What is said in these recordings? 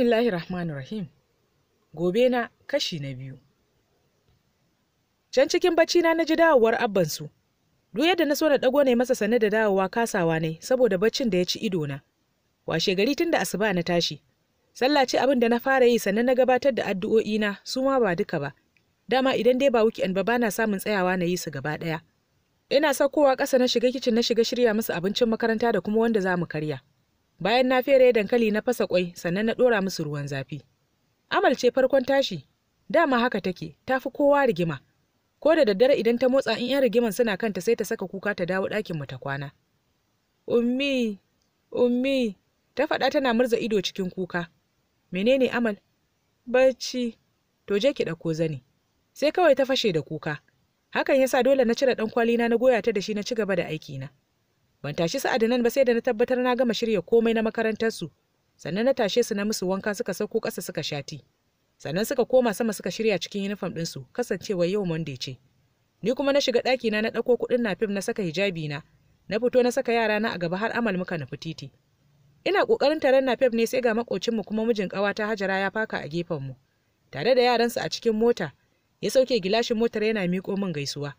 Bismillahir Rahmanir Rahim. Gobe na kashi na biyu. Can cikin bacci na na naji dawowar abban su. Duk yadda na so na dago ne masa sanar da dawowa kasawa ne saboda baccin da ya ci ido na. Washe gari tunda asuba na tashi. Sallah ce abin da na fara yi sannan na gabatar da addu'o'i na su ma ba duka ba. Dama idan dai ba wuki an ba bana samun tsayawa na yi su gaba daya. Ina saukowa ƙasa na shiga kicin na shiga shirya masa abincin makaranta da kuma wanda za mu karya. bayan na fere dankali na fasa kwai sannan na dora musu ruwan zafi amal ce farkon tashi dama haka take tafi kowa rigima ko da daddare idan ta motsa in 'yan rigiman suna kanta sai ta saka kuka ta dawo ɗakin mu ta kwana ummi ummi ta faɗa tana murza ido cikin kuka menene amal bacci to je ki ɗauko zani sai kawai ta fashe da kuka hakan yasa dole na cire ɗan kwalina na goya ta da shi na ci gaba da aikina ban tashi su nan ba sai da na tabbatar na gama shirya komai na makarantarsu sannan na tashe su na musu wanka suka sauko ƙasa suka shati sannan suka koma sama suka shirya cikin yunifom ɗinsu kasancewa yau monday ce ni kuma na shiga ɗakina na ɗauko kuɗin na fim na saka hijabi na na fito na saka yara na a gaba har amal muka nufi titi ina ƙoƙarin taron na fim ne sai ga mu kuma mijin ƙawata hajara ya faka a gefenmu tare da yaransu a cikin mota ya sauke gilashin motar yana miƙo min gaisuwa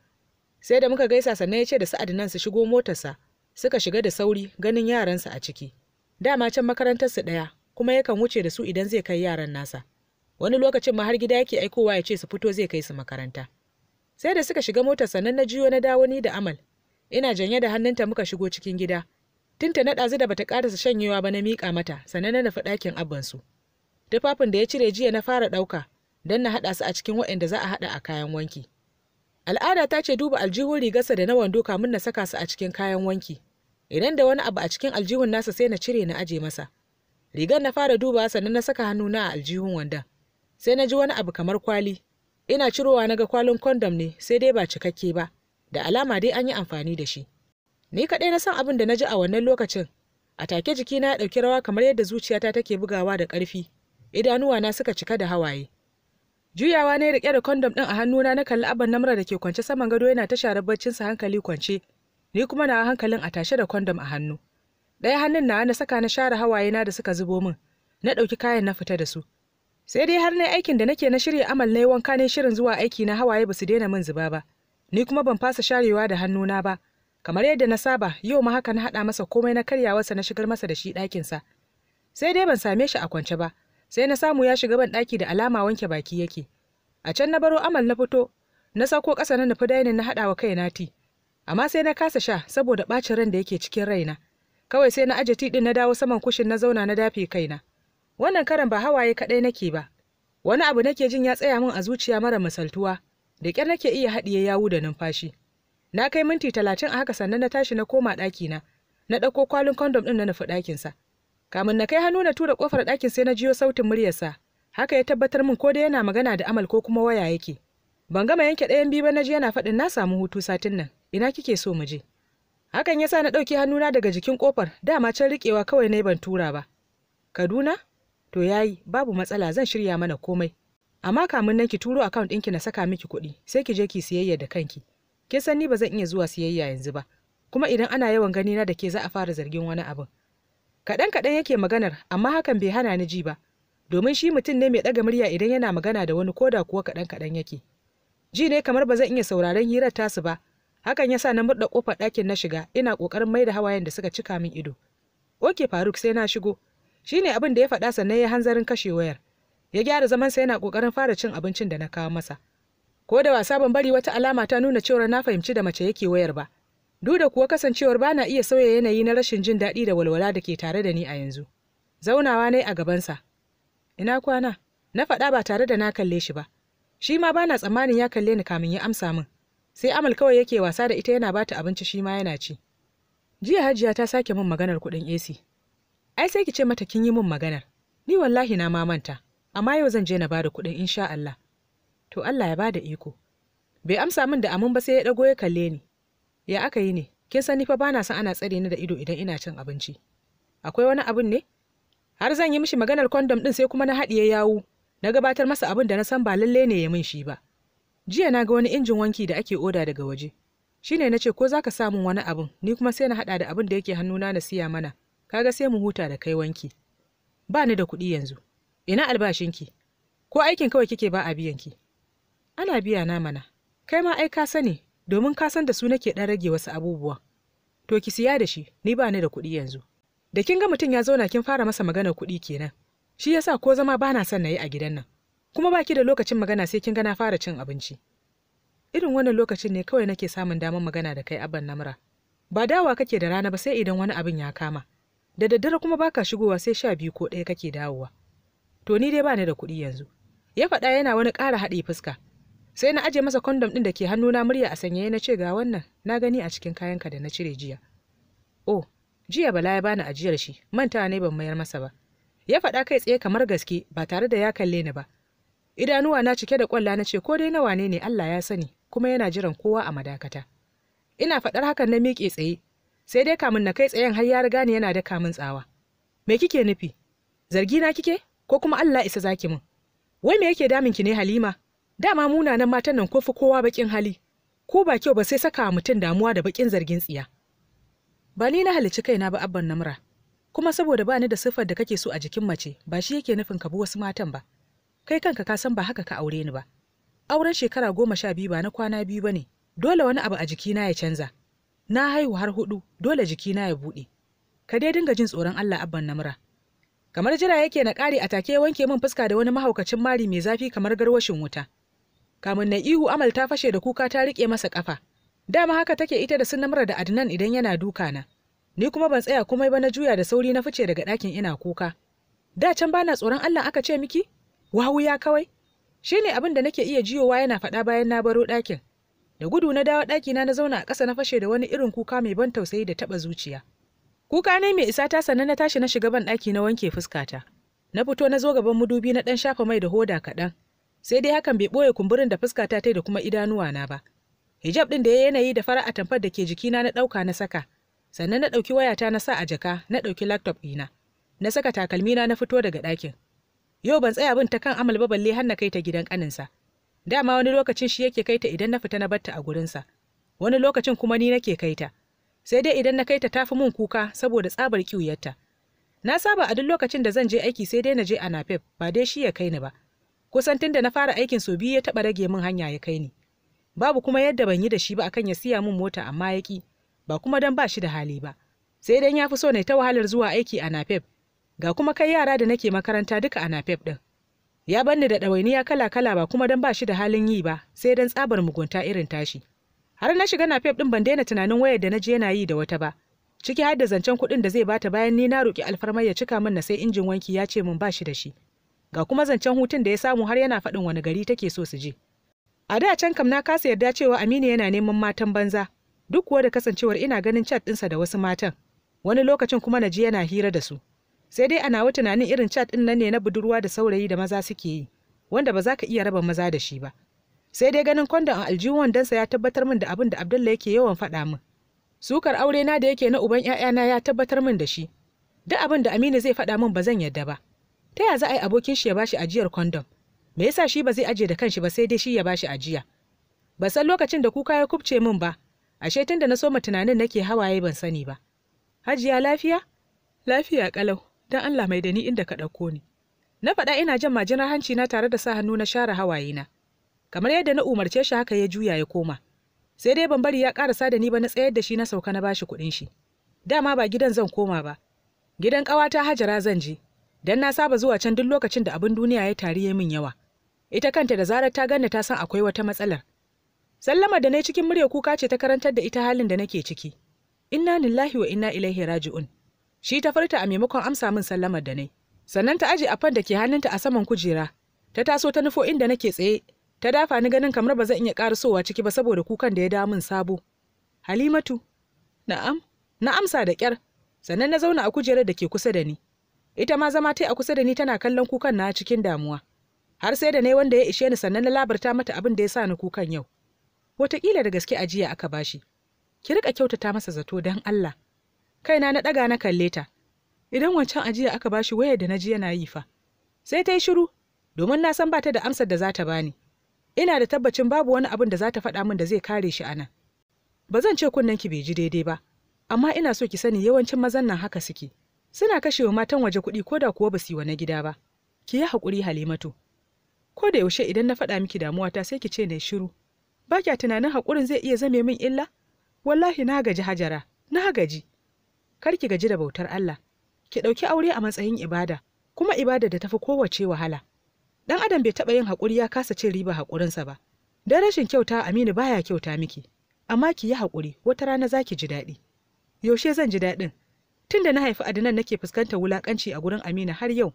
sai da muka gaisa sannan ya ce da sa'ad nan su shigo motarsa suka shiga da sauri ganin yaransa a ciki dama can makarantar su ɗaya kuma yakan wuce da su idan zai kai yaran nasa wani lokacin ma har gida yake aikowa ya ce su fito zai kai su makaranta sai da suka shiga motar sannan na jiyo na dawo ni da amal ina janye da hannunta muka shigo cikin gida Tunta na ɗazu da bata ƙarasa shanyewa ba na miƙa mata sannan na nufi ɗakin abbansu tufafin da ya cire jiya na fara ɗauka don na haɗa su a cikin waɗanda za a haɗa a kayan wanki al'ada ta ce duba aljihun rigarsa da na wando kamun na saka su a cikin kayan wanki idan da wani abu a cikin aljihun nasa sai na cire na aje masa rigar na fara duba sannan na saka hannuna a aljihun wanda sai na ji wani abu kamar kwali ina cirowa na ga kwalin kondom ne sai dai ba cikakke ba da alama dai an yi amfani da shi ni kaɗai na san abin da na ji a wannan lokacin a take jikina ya ɗauki rawa kamar yadda zuciyata take bugawa da ƙarfi na suka cika da hawaye juyawa ne rike da kondom ɗin a hannuna na kalli abin namra da ke kwance saman gado yana ta share sa hankali kwance ni kuma na hankalin a tashe da kondom a hannu ɗaya hannun na na saka na share hawaye na da suka zubo min na ɗauki kayan na fita da su sai dai har na aikin da nake na shirya amal na yi wanka ne shirin zuwa aiki na hawaye basu daina min zuba ba ni kuma ban fasa sharewa da hannuna ba kamar yadda na saba yau ma haka na haɗa masa komai na karyawarsa na shigar masa da shi ɗakinsa sai dai ban same shi a kwance ba sai na samu ya shiga ban ɗaki da alama wanke baki yake a can na baro amal na fito na sauko ƙasa na nufi dainin na haɗa wa na ti amma sai na kasa sha saboda ɓacin ran da yake cikin raina kawai sai na aje ti ɗin na dawo saman kushin na zauna na dafe kaina wannan karan ba hawaye kaɗai nake ba wani abu nake jin ya tsaya min a zuciya mara misaltuwa da ƙyar nake iya haɗiye yawu da numfashi na kai minti talatin a haka sannan na tashi na koma ɗakina na ɗauko kwalin kondom ɗin na nufi ɗakinsa kamun na kai hannu na tura kofar ɗakin sai na jiyo sautin muryarsa haka ya tabbatar min ko dai yana magana da amal ko kuma waya yake ban gama yanke ɗayan biyu ba na ji yana faɗin na samu hutu satin nan ina kike so mu je hakan ya sa na ɗauki hannuna daga jikin kofar dama can riƙewa kawai na ban tura ba kaduna to yayi babu matsala zan shirya mana komai amma kamun nan ki turo akawun ɗinki na saka miki kuɗi sai ki je ki siyayya da kanki kin san ni ba zan iya zuwa siyayya yanzu ba kuma idan ana yawan ganina da ke za a fara zargin wani abin kaɗan kaɗan yake maganar amma hakan bai hana ni ji ba domin shi mutum ne mai ɗaga murya idan yana magana da wani koda kuwa kaɗan kaɗan yake ji ne kamar ba zan iya sauraron hirar tasu ba hakan ya sa na murɗa kofar ɗakin na shiga ina ƙoƙarin mai da hawayen da suka cika min ido oke faruk sai na shigo shi ne abin da ya faɗa sannan ya hanzarin kashe wayar ya gyara zamansa yana ƙoƙarin fara cin abincin da na kawo masa ko da wasa ban bari wata alama ta nuna cewa na fahimci da mace yake wayar ba duk da kuwa kasancewar ba na iya sauya yanayi na rashin jin daɗi da walwala da ke tare da ni a yanzu zaunawa ne a gabansa ina kwana na faɗa ba tare da na kalle shi ba shi ma bana tsammanin ya kalle ni kamin ya amsa min sai amal kawai yake wasa da ita yana bata abinci shi ma yana ci jiya hajiya ta sake min maganar kuɗin AC ai sai ki ce mata kin yi min maganar ni wallahi na ma manta amma yau zan je na bada kuɗin insha Allah to Allah ya bada iko bai amsa min da amin ba sai ya ɗago ya kalle ni ya aka yi ne kin sani fa bana son ana tsare ni da ido idan ina cin abinci akwai wani abin ne har zan yi mishi maganar kondom din sai kuma na haɗiye yawu na gabatar masa abin da na san ba lalle ne ya min shi ba jiya na ga wani injin wanki da ake oda daga waje shine na ce ko za ka samun wani abin ni kuma sai na haɗa da abin da yake hannuna na siya mana kaga sai mu huta da kai wanki ba ni da kuɗi yanzu ina albashin ki? ko aikin kawai kike ba a biyanki ana biya na mana kai ma ai ka sani domin ka san da su nake ɗan rage wasu abubuwa to ki siya da shi ni ba ni da kuɗi yanzu da kin ga mutum ya zauna kin fara masa maganar kuɗi kenan shi yasa ko zama ba na son na yi a gidan nan kuma ba ki da lokacin magana sai kin ga na fara cin abinci irin wannan lokacin ne kawai nake samun damar magana da kai abban namra ba dawa kake da rana ba sai idan wani abin ya kama da daddare kuma baka shigowa sai sha biyu ko ɗaya kake dawowa to ni dai ba ni da kuɗi yanzu ya faɗa yana wani ƙara haɗe fuska sai na aje masa kondom ɗin da ke hannu na murya a sanyaye na ce ga wannan na gani a cikin kayanka da na cire jiya oh jiya bala ya bani ajiyar shi manta ne ban mayar masa ba ya faɗa kai tsaye kamar gaske ba tare da ya kalle ni ba idanuwa na cike da kwalla na ce ko dai nawa wane ne Allah ya sani kuma yana jiran kowa a madakata ina faɗar hakan na miƙe tsaye sai dai kamun na kai tsayen har ya riga ni yana da kamun tsawa me kike nufi zargi na kike ko kuma Allah isa zaki min wai me yake damin ki ne Halima dama munanan matan nan kofi kowa bakin hali ko ba kyau ba sai saka mutum damuwa da bakin zargin tsiya ba ni na halicci kaina ba abban namura. kuma saboda bani da siffar da kake so a jikin mace ba shi yake nufin ka bu wasu matan ba kai kanka ka san ba haka ka aure ni ba auren shekara goma sha biyu ba na kwana biyu ba ne dole wani abu a jikina ya canza na haihu har hudu dole jikina ya buɗe ka dai dinga jin tsoron Allah abban namra kamar jira yake na ƙare a take wanke min fuska da wani mahaukacin mari mai zafi kamar garwashin wuta kamun na ihu amal ta fashe da kuka ta riƙe masa ƙafa dama haka take ita da sunamra da adnan idan yana duka na ni kuma ban tsaya komai ba na juya da sauri na fice daga ɗakin ina kuka da can bana tsoron allah aka ce miki wawu ya kawai shine abin da nake iya jiyowa yana faɗa bayan na baro ɗakin da gudu na dawo ɗakina na zauna a ƙasa na fashe da wani irin kuka mai ban tausayi da taɓa zuciya kuka ne mai isa ta sannan na tashi na shiga ban ɗaki na wanke fuskata na fito na zo gaban madubi na ɗan shafa mai da hoda kaɗan sai dai hakan bai ɓoye kumburin da fuska ta da kuma idanuwa na ba hijab ɗin da ya yanayi da fara atamfar da ke jikina na ɗauka na saka sannan na ɗauki wayata na sa a jaka na ɗauki laptop ɗina na saka takalmina na fito daga ɗakin yau ban tsaya bin ta kan amal ba balle har na kai ta gidan ƙaninsa dama wani lokacin shi yake kai ta idan na fita na batta a gurinsa wani lokacin kuma ni nake kai ta sai dai idan na kai ta tafi mun kuka saboda tsabar ƙiwuyarta na saba a duk lokacin da zan je aiki sai dai na je a nafef ba dai shi ya kai ni ba kusan tun da na fara aikin so biyu ya taɓa rage min hanya ya kai ni babu kuma yadda ban yi da shi ba akan ya siya min mota amma ya ƙi ba kuma dan ba shi da hali ba sai dan ya fi so na ta wahalar zuwa aiki a napep ga kuma kai yara da nake makaranta duka a napep din ya banni da ɗawainiya kala kala ba kuma dan ba shi da halin yi ba sai dan tsabar mugunta irin tashi har na shiga napep din ban daina tunanin wayar da na je yana yi da wata ba ciki har da zancen kuɗin da zai bata bayan ni na roƙi alfarmar ya cika min na sai injin wanki ya ce min ba shi da shi ga kuma zancen hutun da ya samu har yana faɗin wani gari take so su je a da can kam na kasa yarda cewa aminu yana neman matan banza duk kuwa da kasancewar ina ganin chat ɗinsa da wasu matan wani lokacin kuma na ji yana hira da su sai dai ana wa tunanin irin chat ɗin nan ne na budurwa da saurayi da maza suke yi wanda ba za ka iya raba maza da shi ba sai dai ganin kwandon a aljihun wandonsa ya tabbatar min da abin da abdulla yake yawan faɗa min sukar aure na da yake na uban 'ya'yana ya tabbatar min da shi duk abin da aminu zai faɗa min ba zan yarda ba ta ya za a yi abokin shi ya bashi ajiyar kondom me yasa shi ba zai aje da kanshi ba sai dai shi ya bashi ajiya ba san lokacin da kuka ya kubce min ba ashe tun da na so soma tunanin nake hawaye ban sani ba hajiya lafiya lafiya kalau dan Allah mai da ni inda ka ɗauko ni na faɗa ina jan majinar hanci na tare da sa hannu na share hawaye na kamar yadda na umarce shi haka ya juya ya koma sai dai ban bari ya karasa da ni ba na tsayar da shi na sauka na bashi kuɗin shi dama ba gidan zan koma ba gidan ƙawata hajara zan je dan na saba zuwa can duk lokacin da abin duniya ya tari min yawa ita kanta da zarar ta ganna ta san akwai wata matsalar sallama da na cikin murya kuka ce ta karantar da ita halin da nake ciki inna lillahi wa inna ilaihi raji'un shi ta farta a maimakon amsa min sallamar da nai sannan ta aje afan da ke hannunta a saman kujera ta taso ta nufo inda nake tsaye ta dafa ni ganin kamar ba zan iya karasowa ciki ba saboda kukan da ya dawo min sabo halimatu na'am na amsa da kyar sannan na zauna a kujerar da ke kusa da ni ita ma zama ta a kusa da ni tana kallon kukan na cikin damuwa har sai da ne wanda ya ishe ni sannan na labarta mata abin da ya sa ni kukan yau wataƙila da gaske ajiya aka bashi ki rika kyautata masa zato don Allah kaina na ɗaga na kalle ta idan wancan ajiya aka bashi waye da na ji yana yi fa sai ta yi shiru domin na san ba ta da amsar da za ta bani ina da tabbacin babu wani abin da za ta faɗa min da zai kare shi anan ba zan ce kunnen ki bai ji daidai ba amma ina so ki sani yawancin mazan nan haka suke suna kashe wa matan waje kuɗi ko da kuwa ba su yi wani gida ba ki yi haƙuri halimatu ko da yaushe idan na faɗa miki damuwa damuwata sai ki ce na shiru ba kya tunanin haƙurin zai iya zame min illa wallahi na gaji hajara na gaji kar ki gaji da bautar Allah ki ɗauki aure a matsayin ibada kuma ibada da tafi kowace wahala dan adam bai taɓa yin haƙuri ya kasa cin riba haƙurinsa ba dan rashin kyauta Aminu baya kyauta miki amma ki yi haƙuri wata rana za ki ji daɗi yaushe zan ji daɗin tun da na haifi adinan nake fuskantar wulakanci a gurin amina har yau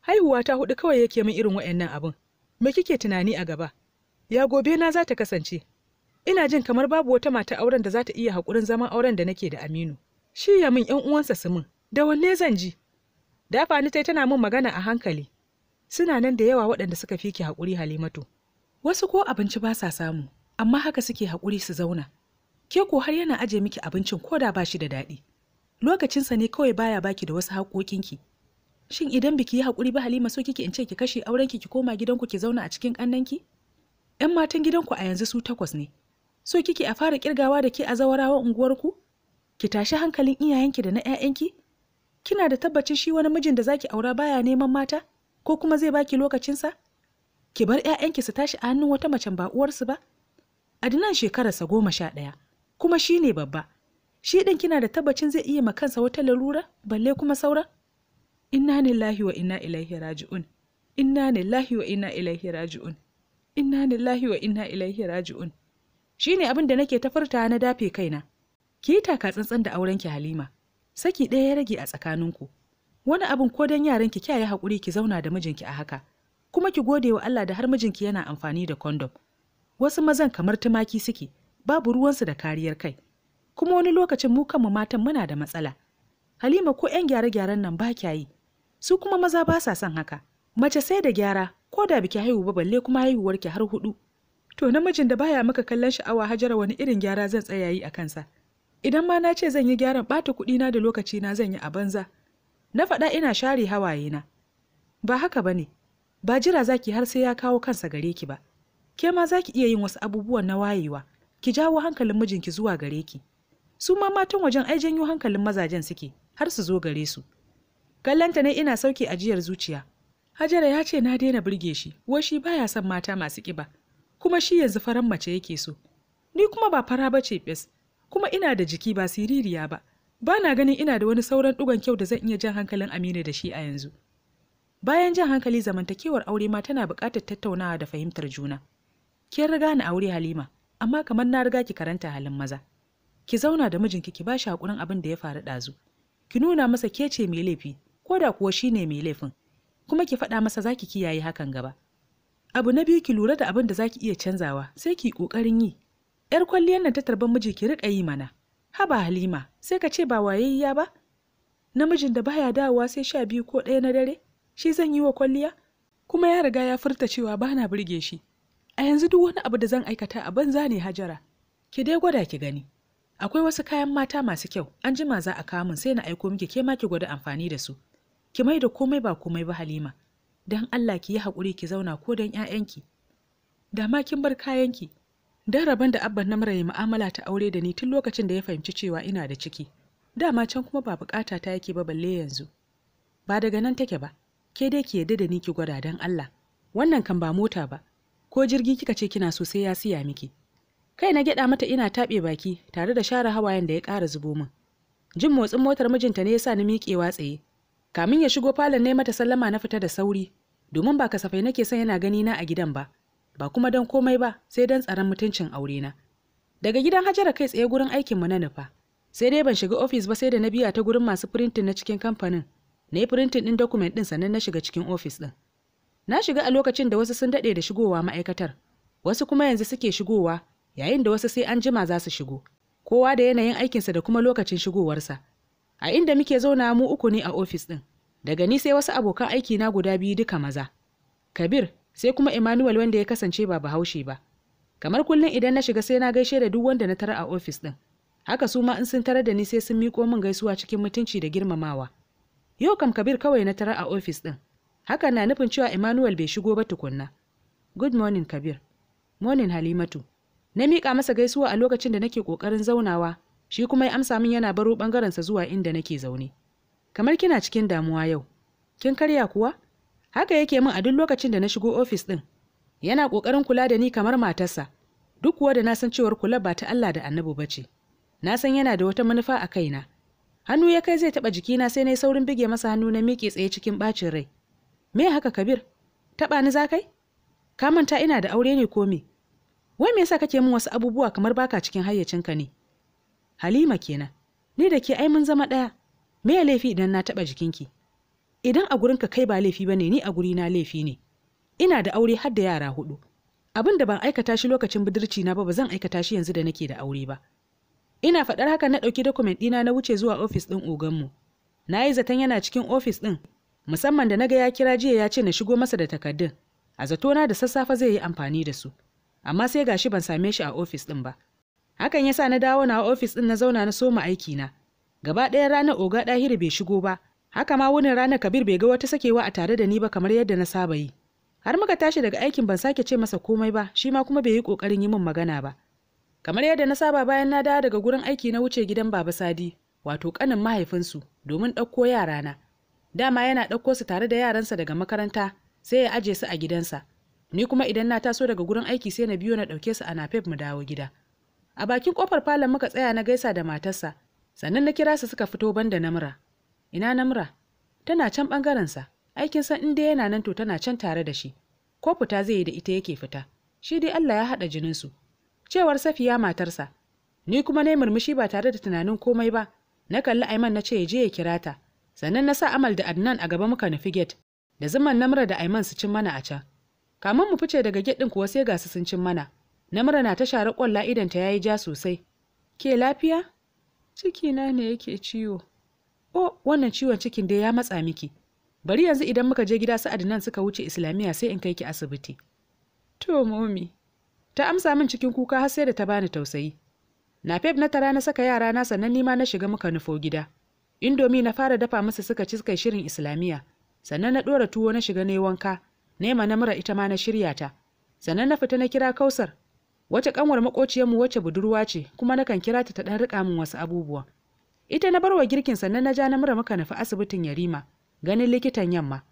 haihuwa ta hudu kawai yake min irin wa'annan abin me kike tunani a gaba ya gobe na za ta kasance ina jin kamar babu wata mata auren da za ta iya haƙurin zaman auren da nake da aminu shi ya min yan uwansa su min da wanne zan ji dafa ni tai tana min magana a hankali suna nan da yawa waɗanda suka fi ki haƙuri halimatu wasu ko abinci ba sa samu amma haka suke haƙuri su zauna ke ko har yana aje miki abincin ko da ba shi da daɗi lokacinsa ne kawai baya baki da wasu haƙoƙinki shin idan biki yi haƙuri ba halima so kike in ce ki kashe aurenki ki koma gidanku ki zauna a cikin ƙannanki yan matan gidanku a yanzu su takwas ne so kike a fara kirgawa da ke a zawarawa unguwarku ki tashi hankalin iyayenki da na 'ya'yanki kina da tabbacin shi wani mijin da zaki aura baya neman mata ko kuma zai baki lokacinsa ki bar 'ya'yanki su tashi a hannun wata macen ba uwarsu ba adnan shekararsa goma sha ɗaya kuma shi ne babba shi ɗin kina da tabbacin zai iya ma kansa wata larura balle kuma saura inna lahi wa inna ilaihi raji'un inna lahi wa inna ilaihi raji'un inna lahi wa inna ilaihi raji'un ne abin da nake ta furta na dafe kaina ki yi taka tsantsan da auren ki Halima saki ɗaya ya rage a tsakaninku wani abin ko dan yaran ki kiyaye hakuri ki zauna da mijinki a haka kuma ki gode wa Allah da har mijinki yana amfani da kondom wasu mazan kamar tumaki suke babu ruwansu da kariyar kai kuma wani lokacin mu kanmu matan muna da matsala halima ko 'yan gyare-gyaren nan ba kya yi su kuma maza ba sa son haka mace sai da gyara ko da biki haihu ba balle kuma haihuwar ki har hudu to namijin da baya maka kallon sha'awa hajara wani irin gyara zan tsaya yi a kansa idan ma na ce zan yi gyaran ɓata kuɗina da lokacina zan yi a banza na faɗa ina share hawayena ba haka ba ne ba jira za ki har sai ya kawo kansa gare ki ba ke ma za ki iya yin wasu abubuwan na wayewa ki jawo hankalin mijinki zuwa gare ki su ma matan wajen ai janyo hankalin mazajen suke har su zo gare su kallanta ne ina sauke ajiyar zuciya hajara ya ce na daina burge shi wai shi baya son mata masu ƙiba kuma shi yanzu faran mace yake so ni kuma ba fara ba ce fes kuma ina da jiki ba siririya ba ba na ganin ina da wani sauran ɗugan kyau da zan iya jan hankalin aminu da shi a yanzu bayan jan hankali zamantakewar aure ma tana buƙatar tattaunawa da fahimtar juna kin riga ni aure halima amma kamar na riga ki karanta halin maza ki zauna da mijinki ki bashi hakurin abin da ya faru ɗazu ki nuna masa ke ce mai laifi ko da kuwa shine mai laifin kuma ki faɗa masa zaki kiyaye hakan gaba abu na biyu ki lura da abin da ki iya canzawa sai ki kokarin yi yar kwalliyar nan ta tarban miji ki riƙa yi mana haba halima sai ka ce ba ya ba namijin da baya dawowa sai sha biyu ko ɗaya na dare shi zan yi wa kwalliya kuma ya riga ya furta cewa ba na burge shi a yanzu duk wani abu da zan aikata a banza ne hajara ki dai gwada ki gani akwai wasu kayan mata masu kyau an jima za a kawo min sai na aiko miki ke ki gwada amfani da su ki mai da komai ba komai ba halima Dan allah ki yi haƙuri ki zauna ko dan 'ya'yanki da ma kin bar kayanki dan rabon da abban na ya mu'amala ta aure da ni tun lokacin da ya fahimci cewa ina da ciki dama can kuma ba bukata ta yake ba balle yanzu ba daga nan take ba ke dai ki yadda da ni ki gwada dan allah wannan kan ba mota ba ko jirgi kika ce kina so sai ya siya miki kai na gyada mata ina taɓe baki tare da share hawayen da ya ƙara zubo min jin motsin motar mijinta ne yasa ni miƙewa tsaye kamin ya shigo falon ne mata sallama na fita da sauri domin ba kasafai nake son yana gani na a gidan ba ba kuma don komai ba sai don tsaron mutuncin aure na daga gidan hajara kai tsaye gurin aikin mu na nufa sai dai ban shiga ofis ba sai da na biya ta gurin masu firintin na cikin kamfanin na yi firintin ɗin dokument din sannan na shiga cikin ofis ɗin na shiga a lokacin da wasu sun daɗe da shigowa ma'aikatar wasu kuma yanzu suke shigowa yayin da wasu sai an jima za su shigo kowa da yanayin aikinsa da kuma lokacin shigowarsa a inda muke zauna mu uku ne a ofis ɗin daga ni sai wasu abokan aiki na guda biyu duka maza kabir sai kuma emmanuel wanda ya kasance ba bahaushe ba kamar kullum idan na shiga sai na gaishe da duk wanda na tara a ofis ɗin haka su ma in sun tarar da ni sai sun miƙo min gaisuwa cikin mutunci da girmamawa yau kam kabir kawai na tara a ofis ɗin hakan na nufin cewa emmanuel bai shigo ba tukunna good morning kabir morning halimatu na miƙa masa gaisuwa a lokacin da nake ƙoƙarin zaunawa shi kuma ya amsa min yana baro ɓangarensa zuwa inda nake zaune kamar kina cikin damuwa yau kin karya kuwa haka yake min a duk lokacin da na shigo ofis ɗin yana ƙoƙarin kula da ni kamar matarsa duk kuwa da na san cewar kula ba ta Allah da annabu ba ce na san yana da wata manufa a kaina hannu ya kai zai taɓa jikina sai na yi saurin bige masa hannu na miƙe tsaye cikin ɓacin rai me haka kabir taɓa ni za kai ka manta ina da aure ne ko me wai me yasa kake min wasu abubuwa kamar baka cikin hayyacinka ne halima kenan ni da ke ai mun zama ɗaya me ya laifi idan na taɓa jikinki idan a ka kai ba laifi ne, ni a gurina laifi ne ina da aure har da yara hudu abin da ban aikata shi lokacin budurci na ba ba zan aikata shi yanzu da nake da aure ba ina faɗar haka na ɗauki dokumen ɗina na wuce zuwa ofis ɗin oganmu na yi zaton yana cikin ofis ɗin musamman da na ga ya kira jiya ya ce na shigo masa da takardun a zatona da sassafe zai yi amfani da su amma sai gashi ban same shi a ofis ɗin ba hakan ya sa na dawo na ofis ɗin na zauna na soma aiki na gaba ɗaya ranar oga ɗahiri bai shigo ba haka ma wunin ranar kabir bai ga wata sakewa a tare da ni ba kamar yadda na saba yi har muka tashi daga aikin ban sake ce masa komai ba shi ma kuma bai yi kokarin yi min magana ba kamar yadda na saba bayan na dawo daga gurin aiki na wuce gidan baba sadi wato kanin mahaifinsu domin ɗauko yarana dama yana ɗauko su tare da yaransa daga makaranta sai ya aje su a gidansa ni kuma idan na taso daga gurin aiki sai na biyo na ɗauke su a nafef mu dawo gida a bakin ƙofar falon muka tsaya na gaisa da matarsa sannan na kira su suka fito banda namura ina namura tana can sa. aikin san inda yana nan to tana can tare da shi ko fita zai yi da ita yake fita shi dai Allah ya haɗa jinin su. cewar safiya matarsa ni kuma na murmushi ba tare da tunanin komai ba na kalli Aiman na ce ya je ya kira ta sannan na sa Amal da Adnan a gaba muka nufi gate da zaman namura da Aiman su cin mana a can kamin mu fice daga gyaɗin kuwa sai ga su sun cin mana namura na ta share kwalla idan ta yayi ja sosai ke lafiya cikina ne yake ciwo o wannan ciwon cikin da ya matsa miki bari yanzu idan muka je gida sa'ad nan suka wuce islamiyya sai in kai ki asibiti to momi ta amsa min cikin kuka har sai da ta bani tausayi na feb na tara na saka yara na sannan nima na shiga muka nufo gida indomi na fara dafa musu suka ci kai shirin islamiyya sannan na ɗora tuwo na shiga ne wanka nema na mura ita ma na shirya ta sannan na fita na kira kausar wata kanwar mu wacce budurwa ce kuma nakan kira ta ta dan rika min wasu abubuwa ita na barwa girkin sannan na ja na mura muka nufi asibitin yarima ganin likitan yamma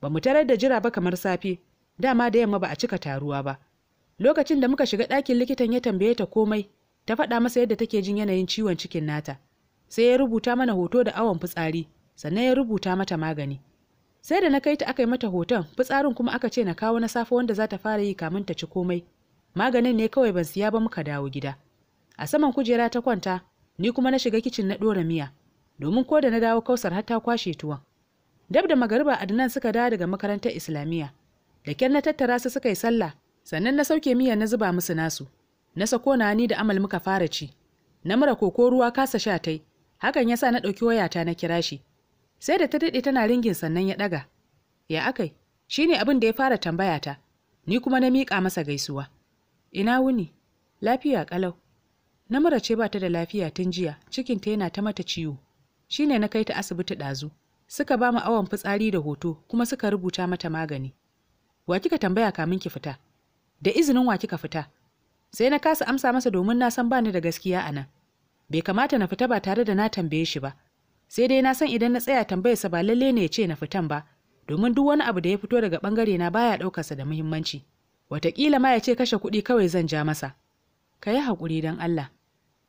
ba mu tarar da jira ba kamar safe dama da yamma ba a cika taruwa ba lokacin da muka shiga ɗakin likitan ya tambaye ta komai ta faɗa masa yadda take jin yanayin ciwon cikin nata sai ya rubuta mana hoto da awon fitsari sannan ya rubuta mata magani sai da na kai ta aka yi mata hoton fitsarin kuma aka ce na kawo na safe wanda za ta fara yi kamin ta ci komai maganin ne kawai ban siya ba muka dawo gida a saman kujera ta kwanta ni kuma na shiga kicin na dora miya domin ko da na dawo kausar har ta kwashe tuwon dab da magariba adnan suka dawo daga makarantar islamiyya da kyan na tattara su suka yi sallah sannan na sauke miyan na zuba musu nasu na sako na ni da amal muka fara ci na mura koko ruwa kasa sha tai hakan yasa na ɗauki wayata na kira shi sai da ta daɗe tana ringin sannan ya ɗaga ya akai shi ne abin da ya fara tambaya ta ni kuma na miƙa masa gaisuwa ina wuni lafiya ƙalau na murace ce ba ta da lafiya tun jiya cikin ta yana ta mata ciwo shi ne na kai ta asibiti ɗazu suka ba mu awon fitsari da hoto kuma suka rubuta mata magani wa kika tambaya kamin ki fita da izinin wa kika fita sai na kasa amsa masa domin na san bani da gaskiya a nan bai kamata na fita ba tare da na tambaye shi ba sai dai na san idan na tsaya tambayarsa ba lalle ne ya ce na fitan ba domin duk wani abu da ya fito daga bangare na baya sa da muhimmanci wataƙila ma ya ce kashe kuɗi kawai zan ja masa ka yi haƙuri don Allah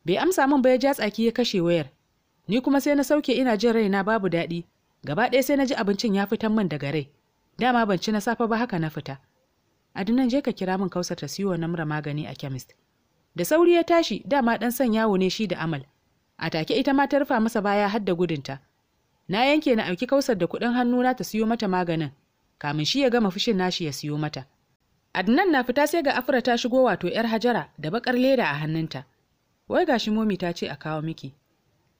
bai amsa min ba ya ja tsaki ya kashe wayar ni kuma sai na sauke ina jin raina babu daɗi gaba ɗaya sai na ji abincin ya fitan min daga rai dama ban ci na safe ba haka na fita adunan je ka kira min kausa ta siyo namra magani a chemist da sauri ya tashi dama ɗan son yawo ne shi da amal a take ita ma ta rufa masa baya har da gudunta na yanke na auki kausar da kuɗin hannuna ta siyo mata maganin kamin shi ya gama fushin nashi ya siyo mata adnan na fita sai ga afra ta shigo wato yar hajara da bakar leda a hannunta wai gashi momi ta ce a kawo miki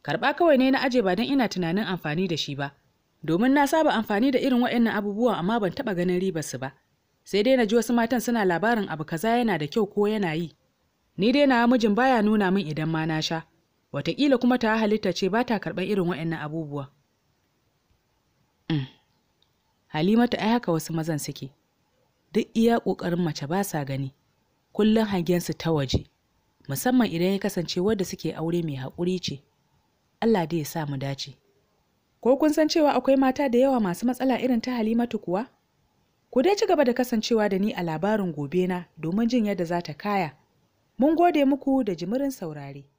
karɓa kawai ne na aje ba don ina tunanin amfani da shi ba domin na saba amfani da irin waɗannan abubuwan amma ban taɓa ganin ribar su ba sai dai na ji wasu matan suna labarin abu kaza yana da kyau ko yana yi ni dai na mijin baya nuna min idan ma na sha wataƙila kuma ta halitta ce ba ta karɓar irin waɗannan abubuwa mm. halimatu ai haka wasu mazan suke duk iya ƙoƙarin mace ba sa gani kullum su ta waje musamman idan ya kasance wadda suke aure mai haƙuri ce Allah dai ya sa mu dace ko kun san cewa akwai mata da yawa masu matsala irin ta halimatu kuwa ku dai ci gaba da kasancewa da ni a labarin gobe na domin jin yadda za ta kaya mun gode muku da jimirin saurare